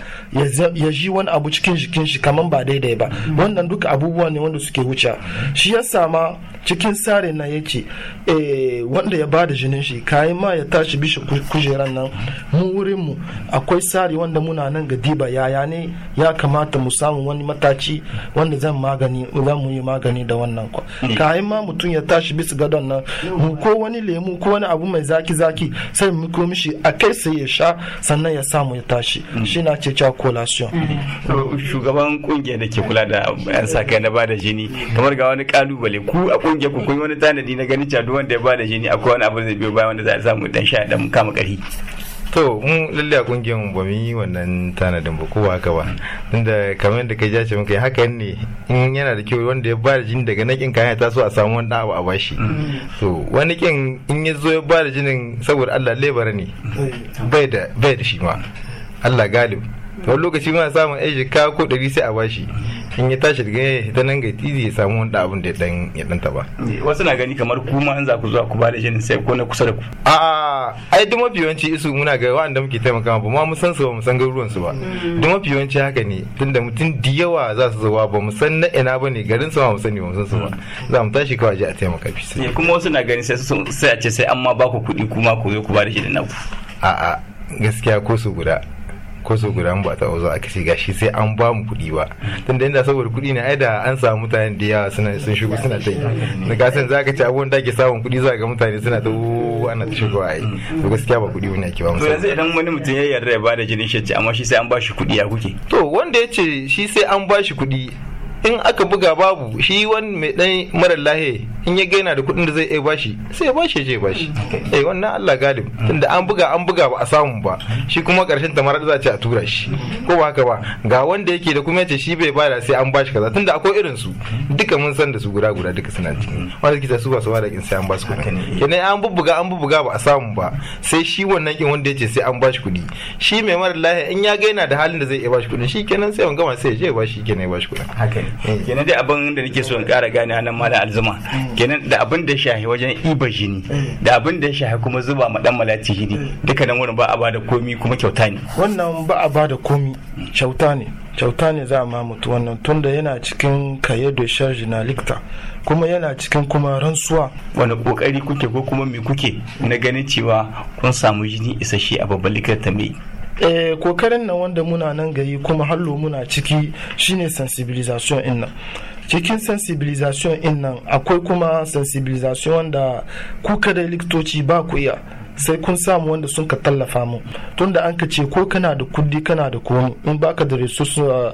ya ji wani abu cikin jikin shi kaman ba daidai ba wannan duka abubuwa ne wanda suke wuce shi ya ma cikin tsarin nan yake eh, wanda ya bada jinin shi kayan ma ya tashi bishi kujeran nan mu wurin mu akwai tsari wanda muna nan ga diba yaya ne ya kamata mu samu wani mataci wanda zan magani zan mu yi magani da wannan kwa kayan ma mutum ya tashi bisa gadon nan mu ko wani lemu ko wani abu mai zaki zaki sai mu ko mishi a kai sai ya sha sannan ya samu ya tashi shi na ce colation shugaban kungiyar da ke kula da yan sa kai na bada jini kamar ga wani kalubale ku kunge ku kun wani tanadi na gani cewa duk wanda ya ba da jini akwai wani abu zai biyo bayan wanda za a samu dan sha mu kama kari to mu lalle a kungiyar mu ba mu yi wannan tanadin ba ko ba haka ba tunda kamar yadda kai jace muka yi hakan ne in yana da kyau wanda ya ba da jini daga nakin kayan taso a samu wani abu a bashi to mm. wani kin in ya zo ya ba da jinin saboda Allah lebara ne eh, bai da bai da shi ma Allah galib wani lokaci muna samun ai jika ko ɗari sai a bashi in ya tashi daga ya hita nan ga tizi ya samu wani abin da ya danta ba? wasu na gani kamar kuma an za ku zuwa ku bada jinin sai ko na kusa da ku a ai duk mafi isu muna ga wa'anda muke taimaka ba ma mu san su ba mu san garuruwan su ba mm. Dama mafi haka ne tunda mutum da yawa za su zuwa ba mu san na ina ne garin su ma mu sani ba mu san su ba mm. za mu tashi kawai je a taimaka fi sai eh, kuma wasu na gani sai sai a ce sai an ma ba ku kuɗi kuma ku zo ku bada jinin na ku. a'a gaskiya ko su guda ko so guda ba ta zo aka kashe gashi sai an ba mu kuɗi ba tun da inda saboda kuɗi ne ai da an samu mutane da yawa suna sun shigo suna ta yi na kasan za ka ci abubuwan da ake samun kuɗi za ga mutane suna ta ana ta shigo ai to gaskiya ba kuɗi wani ake ba musamman to yanzu idan wani mutum ya yarda ya ba da jinin shi amma shi sai an ba shi kuɗi ya kuke to wanda ya ce shi sai an ba shi kuɗi in aka buga babu shi wani mai dan mara lahe in ya gaina da kuɗin da zai iya bashi sai ya bashi je bashi eh wannan Allah galib tunda an buga an buga ba a samu ba shi kuma karshen ta marar za a tura shi ko ba haka ba ga wanda yake da kuma yace shi bai bada sai an bashi kaza tunda akwai irin su duka mun san da su guda guda duka suna ciki wanda kisa su ba su bada kin sai an basu kuɗi kenan an bubbuga an bubbuga ba a samu ba sai shi wannan kin wanda yace sai an bashi kuɗi shi mai mara lahe in ya gaina da halin da zai iya bashi kudin shi kenan sai an gama sai ya je ya bashi kenan ya bashi kuɗin kenan da abin da nake so in kara gane nan malam alzuma kenan da abin da shahi wajen iba jini da abin da shahi kuma zuba ma dan malati jini duka nan wurin ba a bada komi kuma kyauta ne wannan ba a bada komi kyauta ne kyauta ne za a ma mutu wannan tunda yana cikin kaye da sharji na likta kuma yana cikin kuma rantsuwa wani kokari kuke ko kuma me kuke na ganin cewa kun samu jini isasshe a babban likita mai Eh, kokarin nan wanda muna nan gayi kuma hallo muna ciki shine sensibilisation in nan cikin sensibilisation in nan akwai kuma sensibilisation wanda kuka da likitoci ba ku iya sai kun samu wanda sun ka tallafa mu tunda an ka ce ko kana da kudi kana da komi in baka da resources uh,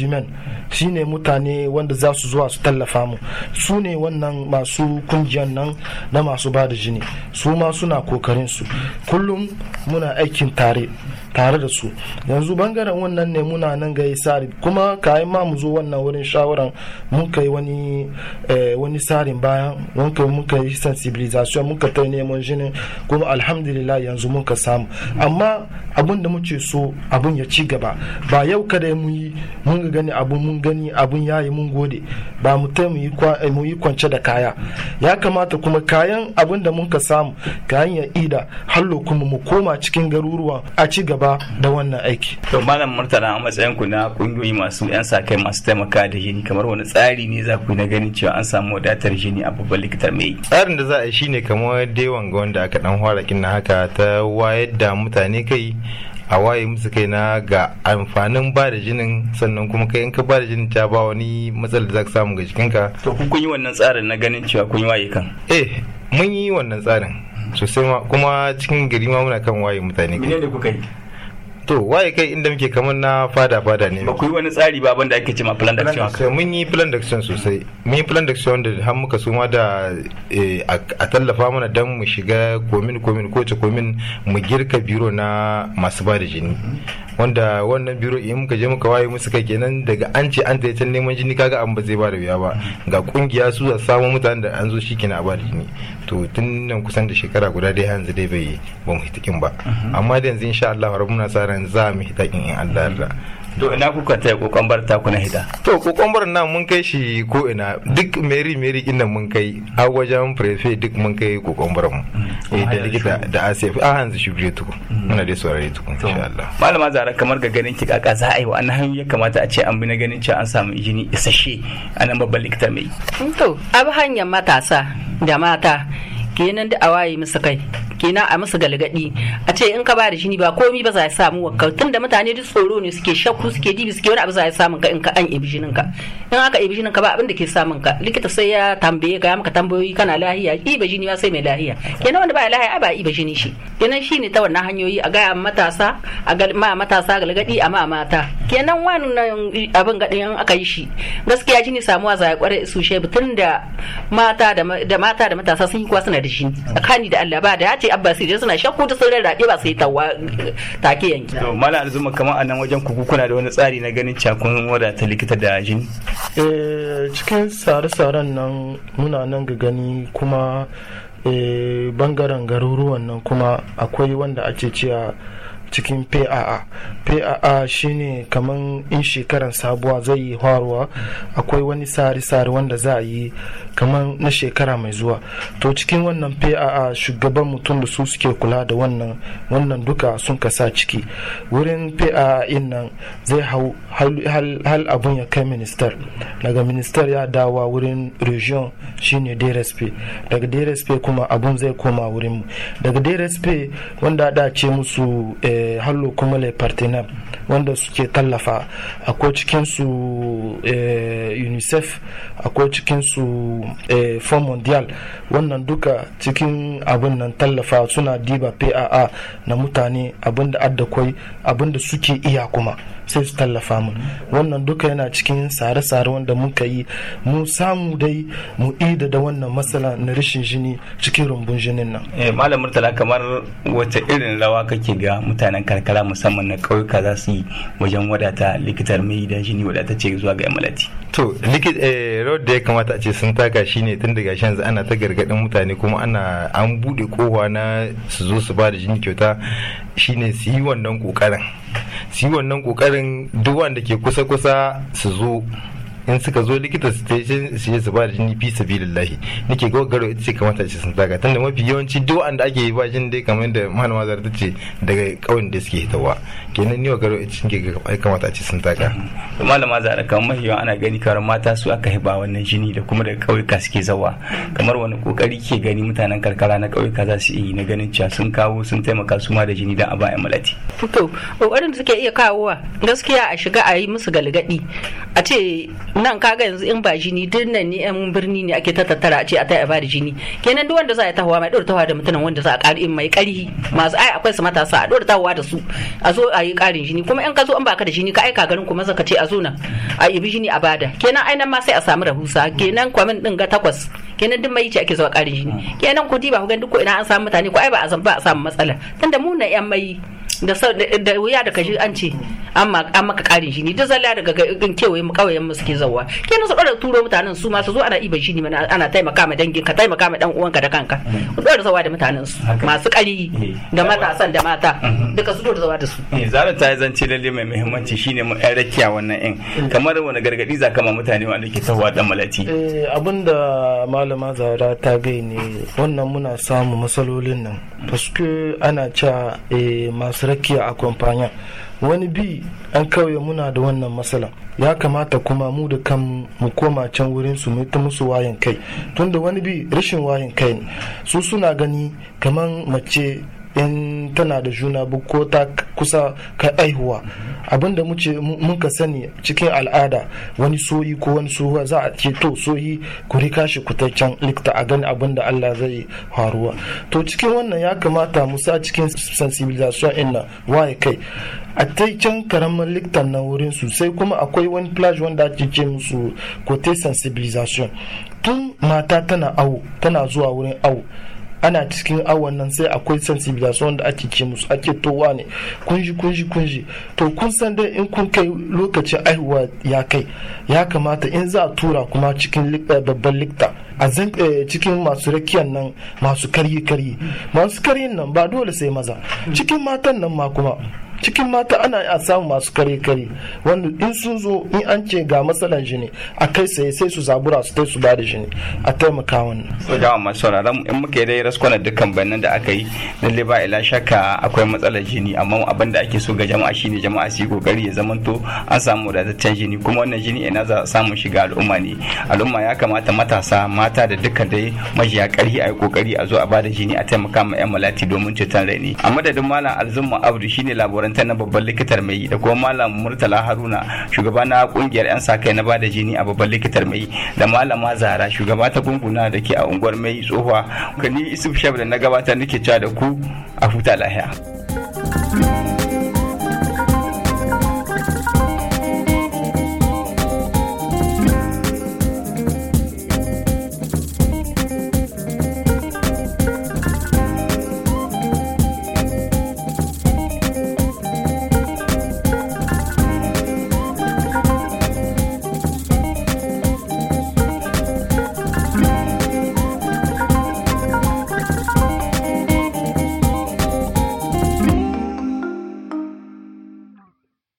human shine mutane wanda za su zuwa su tallafa mu su ne wannan masu kungiyan nan na masu ba da jini su ma suna kokarin su kullum muna aikin tare tare da su yanzu bangaren wannan ne muna nan ga sari kuma kayan ma mu zo wannan wurin shawaran mun kai wani eh, wani sarin bayan mun muka yi sensibilisation ka ta neman jinin kuma alhamdulillah yanzu mun ka samu amma abun da muke so abun ya ci gaba ba yau kada mu yi mun gani abun mun gani abun yayi mun gode ba mu ta eh, mu yi kwance da kaya ya kamata kuma kayan abun da mun ka samu kayan ya ida hallo kuma mu koma cikin garuruwa a ci gaba gaba da wannan aiki. To malam Murtala a matsayin ku na kungiyoyi masu yan sa kai masu taimaka da jini kamar wani tsari ne za ku na ganin cewa an samu wadatar jini a babban likitar mai. Tsarin da za a yi shine kamar dewan ga wanda aka dan fara kin haka ta wayar da mutane kai a waye musu kai na ga amfanin ba da jinin sannan kuma kai in ka ba da jinin ta ba wani matsalar da za ka samu ga jikinka. To kun yi wannan tsarin na ganin cewa kun yi waye kan? Eh mun yi wannan tsarin sosai kuma cikin gari ma muna kan waye mutane. Mene ne kuka yi? to waye kai inda muke kamar na fada fada ne ba ku yi wani tsari ba abinda ake cewa plan d'action haka mun yi plan d'action sosai mun yi plan d'action da har muka suma da eh, a tallafa mana dan mu shiga komin komin ko ta komin mu girka biro na masu bada jini wanda wannan biro in muka je muka waye musu kai kenan daga an ce an ta can neman jini kaga an ba zai ba da wuya ba mm. ga kungiya su za samu mutanen da an zo shi kenan a ba da jini to tun nan kusan da shekara guda dai yanzu dai bai ba mu hitakin ba mm-hmm. amma da yanzu insha Allah muna sa ran za mu hitakin in Allah yarda to ina kuka taya bar ta na hida to bar nan mun kai shi ko ina duk meri meri inda mun kai a wajen prefect duk mun kai bar mu mm. eh, da likita da asif a hanzu shi biyu tukun mm. muna dai saurare tukun insha Allah malama zara kamar ga ganin ki kaka za a yi wa annan ya kamata a ce an bi na ganin cewa an samu izini isasshe a nan babban likita mai to abu hanyar matasa da mata kenan da awaye musu kai kenan a musu galgadi a ce in ka ba da shi ba komi ba za ya samu wakka tun da mutane duk tsoro ne suke shakku suke dibi suke wani abu za ya samu ka in ka an ibi jinin ka in aka ibi jinin ka ba abin da ke samun ka likita sai ya tambaye ga maka tambayoyi kana lahiya iba jini ba sai mai lahiya kenan wanda ba lahiya ba iba jini shi kenan shi ne ta wannan hanyoyi a ga matasa a ga ma matasa galgadi a ma mata kenan wannan abin gadin aka yi shi gaskiya jini samuwa za ya kware su shebu tun da mata da mata da matasa sun yi kwa suna da shi tsakani da Allah ba da ya ce sai abba sai suna shakku ta sauran rabe ba sai tawa take yanki to mala alzuma kamar a nan wajen ku kuna da wani tsari na ganin cakun wadata likita da jini eh cikin sare-saren nan muna nan ga gani kuma eh, bangaren garuruwan nan kuma akwai wanda ake cewa cikin PAA PAA shine kamar in shekaran sabuwa zai yi haruwa akwai wani sari-sari wanda za a yi kamar na shekara mai zuwa to cikin wannan PAA shugaban mutum da su suke kula da wannan wannan duka sun kasa ciki wurin PAA in nan zai hal abun ya kai minister daga minister ya dawa wurin region shine DRSP daga DRSP kuma abun zai koma wurin mu daga DRSP wanda da ce musu eh, hallo kuma le partenaire wanda suke tallafa akwai eh, unicef akwai cikinsu eh, fond mondial wannan duka cikin abin nan tallafa suna diba paa na mutane abin da adda kwai abin suke iya kuma sai su tallafa mu wannan duka yana cikin tsare-tsare wanda muka yi mu samu dai mu ida da wannan matsala na rashin jini cikin rumbun jinin nan eh, malam murtala kamar wace irin rawa kake ga mutanen karkara musamman na kauyuka za su yi wajen wadata likitar mai idan jini wadata ce zuwa ga malati to eh, rawar da ya kamata a ce sun taka shine tun daga shan ana ta gargadin mutane kuma ana an buɗe kowa na su zo su ba da jini kyauta shine su yi wannan ƙoƙarin su yi wannan kokarin duk wanda ke kusa-kusa su zo in suka zo likita su su je su ba da jini fi sabilillahi nake ga garo ita ce kamata ce sun zaga tunda mafi yawanci duk wanda ake yi ba jini dai kamar da malama ce daga kauyen da suke hitawa kenan ni wa garo ita ke ai kamata a ce sun taka malama zara kamar mahiyo ana gani kamar mata su aka hiba wannan jini da kuma daga ƙauyuka suke zawa kamar wani kokari ke gani mutanen karkara na ƙauyuka za su yi na ganin cewa sun kawo sun taimaka su ma da jini da a ba malati to kokarin da suke iya kawowa gaskiya a shiga a yi musu galgadi a ce nan kaga yanzu in ba jini din nan ne yan birni ne ake tattara a ce a ta ba da jini kenan duk wanda za a tahowa mai dora tahowa da mutanen wanda za a ƙari mai ƙarhi masu ai akwai su matasa a dora tahowa da su a zo a yi karin jini kuma in ka zo in baka da jini ka aika garin kuma zaka ce a zo nan a ibi jini a bada kenan ainan ma sai a samu rahusa kenan kwamin din ga takwas kenan duk mai ce ake zuwa karin jini kenan ku diba ku duk ko ina an samu mutane ko ai ba a zamba ba a samu matsala tunda mu na yan mai da wuya da kaji an ce an maka karin shi ne duk zalla daga gan kewaye mu kawayen mu suke zawa kenan su dora turo mutanen su ma su zo ana iban shi ne ana taimaka ma dangin ka taimaka ma dan uwanka da kanka ku mm. dora zawa da mutanen su masu kari eh. da matasan da mata mm-hmm. duka su dora zawa da su eh, zara ta zance lalle mai muhimmanci shine mu ɗan rakiya wannan in mm. kamar wani gargadi za kama mutane wanda ke tawa dan malati eh abinda malama zara ta gai ne wannan muna samu matsalolin nan paske ana cewa eh, masu rakiya a kwamfanya wani bi an kauye muna da wannan matsala ya kamata kuma mu da kan mu koma can wurin su mu ta musu wayan kai tunda wani bi rashin wayan kai ne su suna gani kaman mace in tana da juna ko ta kusa kai aihuwa abinda muce muka sani cikin al'ada wani soyi ko wani suwa za a ce to soyi ku rika shi ku can likta a gani abinda Allah zai faruwa to cikin wannan ya kamata mu sa cikin sensibilization na waye kai a ta can karamin liktan na wurin su sai kuma akwai wani plage wanda ake ce musu kote sensibilization tun mata tana awo tana zuwa wurin awo ana cikin awon nan sai akwai sensibilisation da ake ce musu ake towa ne kunji kunji kunji to kun san dai in kun kai lokacin aihuwa ya kai ya kamata in za a tura kuma cikin eh, babban likta a zan eh, cikin masu rakiyan nan masu karyi karyi masu karyin nan ba dole sai maza cikin matan nan ma kuma cikin mata ana a samu masu kare kare wanda in sun zo in an ce ga matsalan jini a kai sai sai su zabura su su bada da jini a taimaka wannan so da masu sauraron in muke dai raskwana dukkan bayanan da aka yi lalle ba ila shakka akwai matsalar jini amma abin da ake so ga jama'a shine jama'a su yi kokari ya zamanto an samu wadataccen jini kuma wannan jini ina za a samu shiga al'umma ne al'umma ya kamata matasa mata da dukkan dai majiya karhi a yi kokari a zo a bada jini a taimaka ma yan malati domin cutar rai ne a madadin malam alzumma abdu shine labaran makarantar na babban likitar mai da kuma malam murtala haruna shugaba na kungiyar yan sa kai na bada jini a babban likitar mai da malama zara shugaba ta gunguna da ke a unguwar mai tsohuwa ni isuf shab da na gabatar nake cewa da ku a huta lahiya.